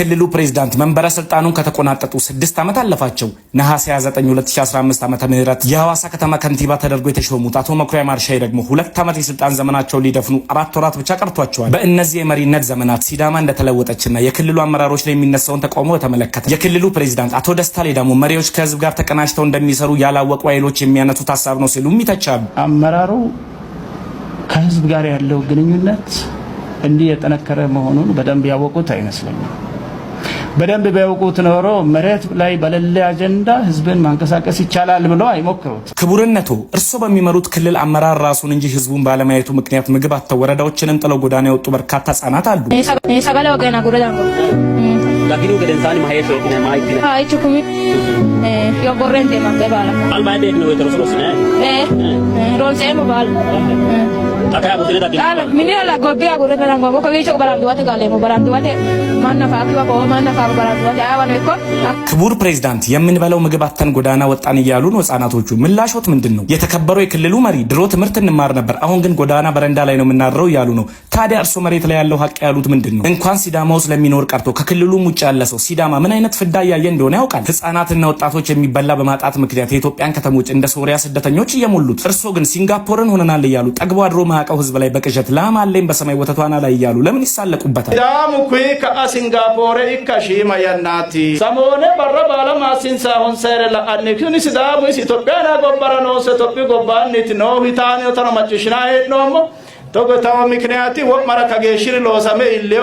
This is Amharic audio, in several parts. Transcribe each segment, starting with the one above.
የክልሉ ፕሬዝዳንት መንበረ ስልጣኑን ከተቆናጠጡ ስድስት ዓመት አለፋቸው። ነሐሴ 29 2015 ዓ ም የሐዋሳ ከተማ ከንቲባ ተደርጎ የተሾሙት አቶ መኩሪያ ማርሻይ ደግሞ ሁለት ዓመት የስልጣን ዘመናቸውን ሊደፍኑ አራት ወራት ብቻ ቀርቷቸዋል። በእነዚህ የመሪነት ዘመናት ሲዳማ እንደተለወጠችና የክልሉ አመራሮች ላይ የሚነሳውን ተቃውሞ በተመለከተ የክልሉ ፕሬዝዳንት አቶ ደስታ ሌዳሞ መሪዎች ከህዝብ ጋር ተቀናጅተው እንደሚሰሩ ያላወቁ ኃይሎች የሚያነሱት ሀሳብ ነው ሲሉም ይተቻሉ። አመራሩ ከህዝብ ጋር ያለው ግንኙነት እንዲህ የጠነከረ መሆኑን በደንብ ያወቁት አይመስለኝም። በደንብ ቢያውቁት ኖሮ መሬት ላይ በሌለ አጀንዳ ህዝብን ማንቀሳቀስ ይቻላል ብሎ አይሞክሩት። ክቡርነቱ እርሶ በሚመሩት ክልል አመራር ራሱን እንጂ ህዝቡን ባለማየቱ ምክንያት ምግብ አጥተው ወረዳዎችንም ጥለው ጎዳና የወጡ በርካታ ህጻናት አሉ። ክቡር ፕሬዝዳንት የምንበለው ምግብ አተን ጎዳና ወጣን እያሉ ነው ህጻናቶቹ። ምላሾት ምንድን ነው? የተከበረው የክልሉ መሪ ድሮ ትምህርት እንማር ነበር፣ አሁን ግን ጎዳና በረንዳ ላይ ነው የምናድረው እያሉ ነው። ታዲያ እርሶ መሬት ላይ ያለው ሀቅ ያሉት ምንድን ነው? እንኳን ሲዳማ ውስጥ ለሚኖር ቀርቶ ከክልሉም ውጭ ያለ ሰው ሲዳማ ምን አይነት ፍዳ እያየ እንደሆነ ያውቃል። ህጻናትና ወጣቶች የሚበላ በማጣት ምክንያት የኢትዮጵያን ከተሞች እንደ ሶሪያ ስደተኞች እየሞሉት፣ እርሶ ግን ሲንጋፖርን ሆነናል እያሉ ጠግቦ አድሮ በማቀው ህዝብ ላይ በቅዠት ላማለኝ በሰማይ ወተቷና ላይ እያሉ ለምን ይሳለቁበታል? ዳሙ ኩይ ከአ ሲንጋፖሬ ኢካሺ ማያናቲ ሰሞነ በረ ባለማ ሲንሳ ሆንሰረ ለአኒ ኪኒ ሲዳሙ ኢትዮጵያና ጎበረ ኖሰ ኢትዮጵያ ጎባኒት ኖ ሂታኒ ተነማጭሽና ሄድኖሞ ምክንያት ሎሰሜ ኢሌዮ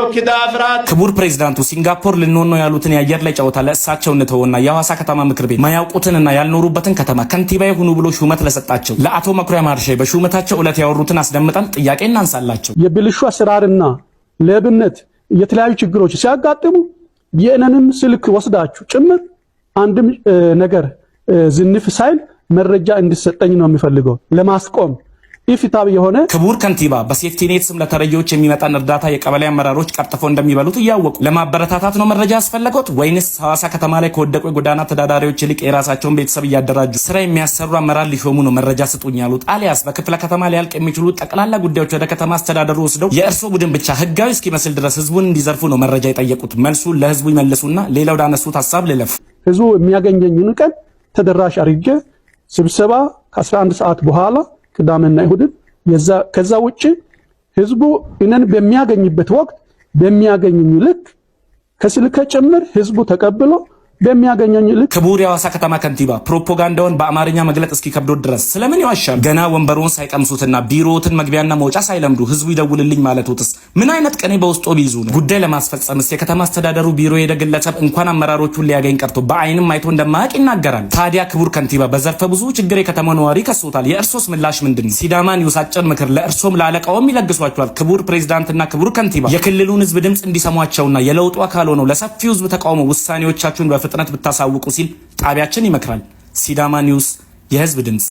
ክቡር ፕሬዚዳንቱ ሲንጋፖር ልንሆን ነው ያሉትን የአየር ላይ ጨዋታ ለእሳቸው እንተውና የሐዋሳ ከተማ ምክር ቤት ማያውቁትንና ያልኖሩበትን ከተማ ከንቲባ ይሁኑ ብሎ ሹመት ለሰጣቸው ለአቶ መኩሪያ ማርሻይ በሹመታቸው ዕለት ያወሩትን አስደምጠን ጥያቄ እናንሳላቸው። የብልሹ አሰራርና ለብነት የተለያዩ ችግሮች ሲያጋጥሙ የእነንም ስልክ ወስዳችሁ ጭምር አንድም ነገር ዝንፍ ሳይል መረጃ እንዲሰጠኝ ነው የሚፈልገው ለማስቆም ኢፍትሐዊ የሆነ ክቡር ከንቲባ በሴፍቲኔት ስም ለተረጂዎች የሚመጣን እርዳታ የቀበሌ አመራሮች ቀርጥፈው እንደሚበሉት እያወቁ ለማበረታታት ነው መረጃ ያስፈለገውት ወይንስ ሐዋሳ ከተማ ላይ ከወደቁ የጎዳና ተዳዳሪዎች ይልቅ የራሳቸውን ቤተሰብ እያደራጁ ስራ የሚያሰሩ አመራር ሊሾሙ ነው መረጃ ስጡኝ ያሉት? አሊያስ በክፍለ ከተማ ሊያልቅ የሚችሉ ጠቅላላ ጉዳዮች ወደ ከተማ አስተዳደሩ ወስደው የእርሶ ቡድን ብቻ ህጋዊ እስኪመስል ድረስ ህዝቡን እንዲዘርፉ ነው መረጃ የጠየቁት? መልሱ ለህዝቡ ይመልሱና ሌላው ዳነሱት ሀሳብ ልለፍ። ህዝቡ የሚያገኘኝን ቀን ተደራሽ አድርጌ ስብሰባ ከ11 ሰዓት በኋላ ቅዳሜና እሁድን ከዛ ውጭ ህዝቡ እነን በሚያገኝበት ወቅት በሚያገኝኝ ልክ ከስልከ ጭምር ህዝቡ ተቀብሎ በሚያገኘኝ ልክ ክቡር የሐዋሳ ከተማ ከንቲባ ፕሮፓጋንዳውን በአማርኛ መግለጥ እስኪ ድረስ ስለምን ይዋሻል? ገና ወንበሮን ሳይቀምሱትና ቢሮትን መግቢያና መውጫ ሳይለምዱ ህዝቡ ይደውልልኝ ማለቱትስ ምን አይነት ቅኔ በውስጦ ቢይዙ ነው? ጉዳይ ለማስፈጸምስ የከተማ አስተዳደሩ ቢሮ የሄደ ግለሰብ እንኳን አመራሮቹን ሊያገኝ ቀርቶ በአይንም አይቶ እንደማያውቅ ይናገራል። ታዲያ ክቡር ከንቲባ በዘርፈ ብዙ ችግር የከተማ ነዋሪ ከሶታል። የእርሶስ ምላሽ ምንድን ነው? ሲዳማን ይውሳጭር ምክር ለእርሶም ለአለቃውም ይለግሷቸዋል። ክቡር ፕሬዚዳንትና ክቡር ከንቲባ የክልሉን ህዝብ ድምፅ እንዲሰሟቸውና የለውጡ አካል ሆነው ለሰፊው ህዝብ ተቃውሞ ውሳኔዎቻችሁን በፍ በፍጥነት ብታሳውቁ ሲል ጣቢያችን ይመክራል። ሲዳማ ኒውስ የህዝብ ድምፅ